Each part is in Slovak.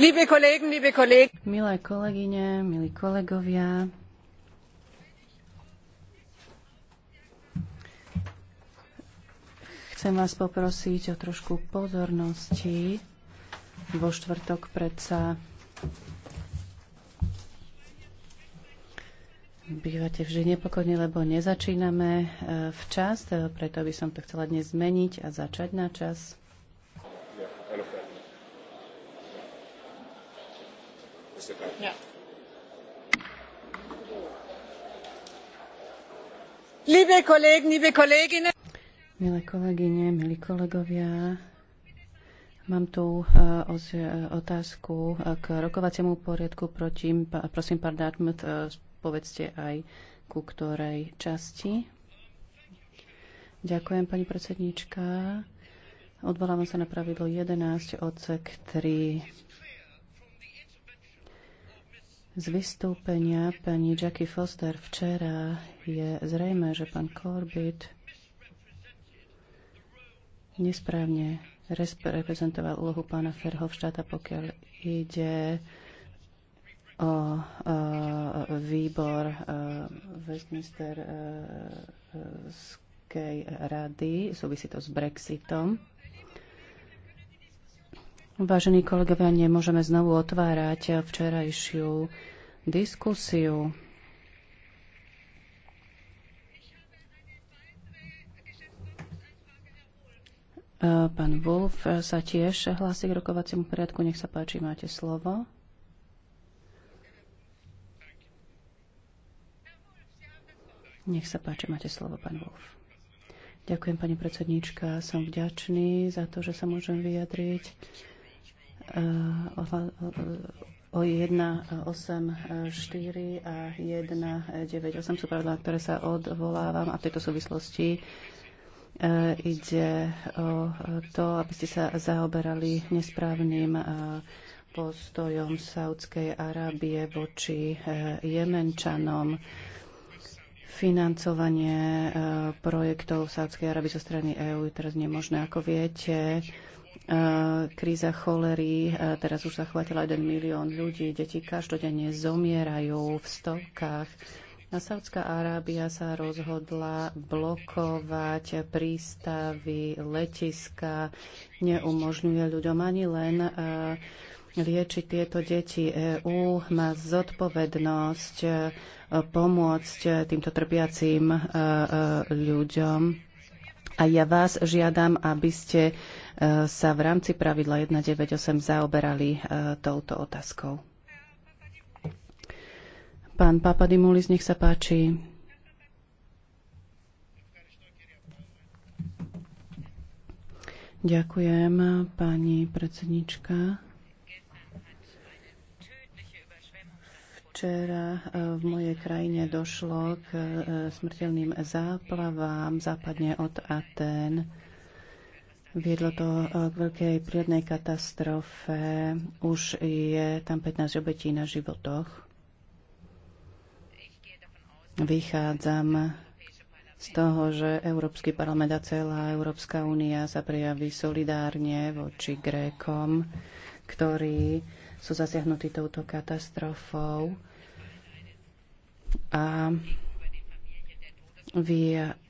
Milé kolegyne, milí kolegovia. Chcem vás poprosiť o trošku pozornosti. Vo štvrtok predsa Bývate vždy nepokojne, lebo nezačíname eh, včas, eh, preto by som to chcela dnes zmeniť a začať na čas. Mr. Carter. Yeah. Liebe Kollegen, liebe Kolleginnen. Milé kolegyne, milí kolegovia, Mám tu eh, eh, otázku eh, k rokovaciemu poriadku proti, prosím, pán Dartmouth, povedzte aj ku ktorej časti. Ďakujem, pani predsednička. Odvolávam sa na pravidlo 11 odsek 3. Z vystúpenia pani Jackie Foster včera je zrejme, že pán Corbett nesprávne reprezentoval úlohu pána Ferhovštáta, pokiaľ ide o, o výbor e, Westminsterskej e, e, rady. Súvisí to s Brexitom. Vážení kolegovia, nemôžeme znovu otvárať včerajšiu diskusiu. Pán Wolf sa tiež hlási k rokovaciemu poriadku. Nech sa páči, máte slovo. Nech sa páči, máte slovo, pán Wolf. Ďakujem, pani predsedníčka. Som vďačný za to, že sa môžem vyjadriť. Eh, o 1.8.4 a 1.9.8 sú pravidlá, ktoré sa odvolávam a v tejto súvislosti eh, ide o to, aby ste sa zaoberali nesprávnym eh, postojom Saudskej Arábie voči Jemenčanom financovanie projektov Sádskej Arabii zo strany EÚ teraz nemožné. Ako viete, E, kríza cholery e, teraz už zachvátila 1 milión ľudí. Deti každodenne zomierajú v stovkách. A Saudská Arábia sa rozhodla blokovať prístavy, letiska, neumožňuje ľuďom ani len e, liečiť tieto deti. EÚ má zodpovednosť pomôcť týmto trpiacím ľuďom a ja vás žiadam, aby ste e, sa v rámci pravidla 198 zaoberali e, touto otázkou. Pán Papadimulis, nech sa páči. Ďakujem, pani predsednička. Včera e, v mojej krajine došlo k e, smrteľným záplavám západne od Aten. Viedlo to e, k veľkej prírodnej katastrofe. Už je tam 15 obetí na životoch. Vychádzam z toho, že Európsky parlament a celá Európska únia sa prejaví solidárne voči Grékom, ktorí sú zasiahnutí touto katastrofou a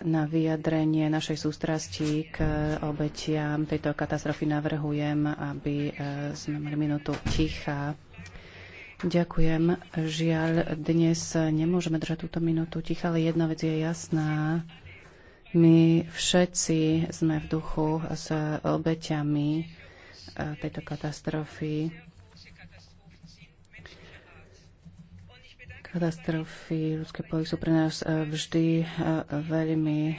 na vyjadrenie našej sústrasti k obetiam tejto katastrofy navrhujem, aby e, sme mali minútu ticha. Ďakujem. Žiaľ, dnes nemôžeme držať túto minútu ticha, ale jedna vec je jasná. My všetci sme v duchu s obeťami e, tejto katastrofy. Katastrofy ľudské poli sú pre nás eh, vždy eh, veľmi eh,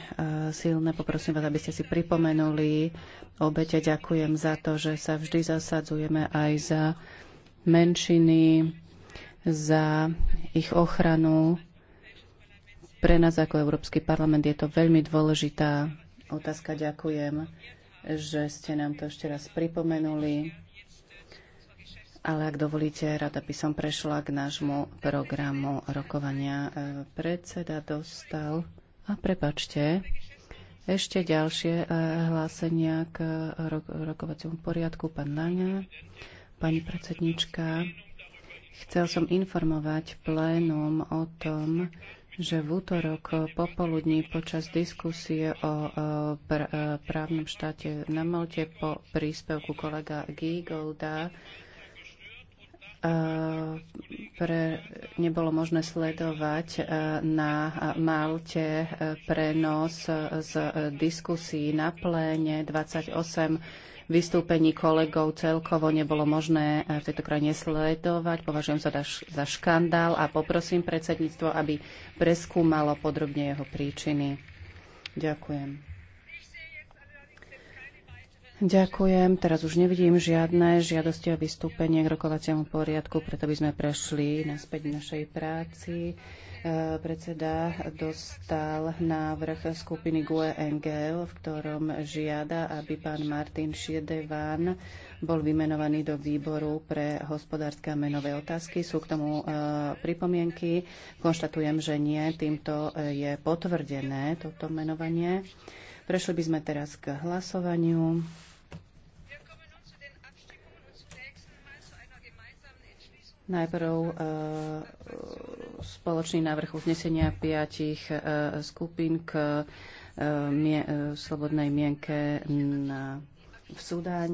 silné. Poprosím vás, aby ste si pripomenuli obete. Ďakujem za to, že sa vždy zasadzujeme aj za menšiny, za ich ochranu. Pre nás ako Európsky parlament je to veľmi dôležitá otázka. Ďakujem, že ste nám to ešte raz pripomenuli. Ale ak dovolíte, rada by som prešla k nášmu programu rokovania. E, predseda dostal. A prepačte, ešte ďalšie e, hlásenia k rokovaciemu poriadku. Pán Láňa, pani predsednička, chcel som informovať plénum o tom, že v útorok popoludní počas diskusie o e, právnom štáte na Malte po príspevku kolega Gigolda pre, nebolo možné sledovať e, na Malte e, prenos e, z diskusí na pléne 28 vystúpení kolegov celkovo nebolo možné v tejto krajine sledovať. Považujem sa za škandál a poprosím predsedníctvo, aby preskúmalo podrobne jeho príčiny. Ďakujem. Ďakujem. Teraz už nevidím žiadne žiadosti o vystúpenie k rokovaciemu poriadku, preto by sme prešli naspäť v našej práci. E, predseda dostal návrh skupiny GUE Engel, v ktorom žiada, aby pán Martin Šiedevan bol vymenovaný do výboru pre hospodárske a menové otázky. Sú k tomu e, pripomienky. Konštatujem, že nie. Týmto e, je potvrdené toto menovanie. Prešli by sme teraz k hlasovaniu. Najprv eh, spoločný návrh uznesenia piatich eh, skupín k eh, slobodnej mienke na, v Sudáne.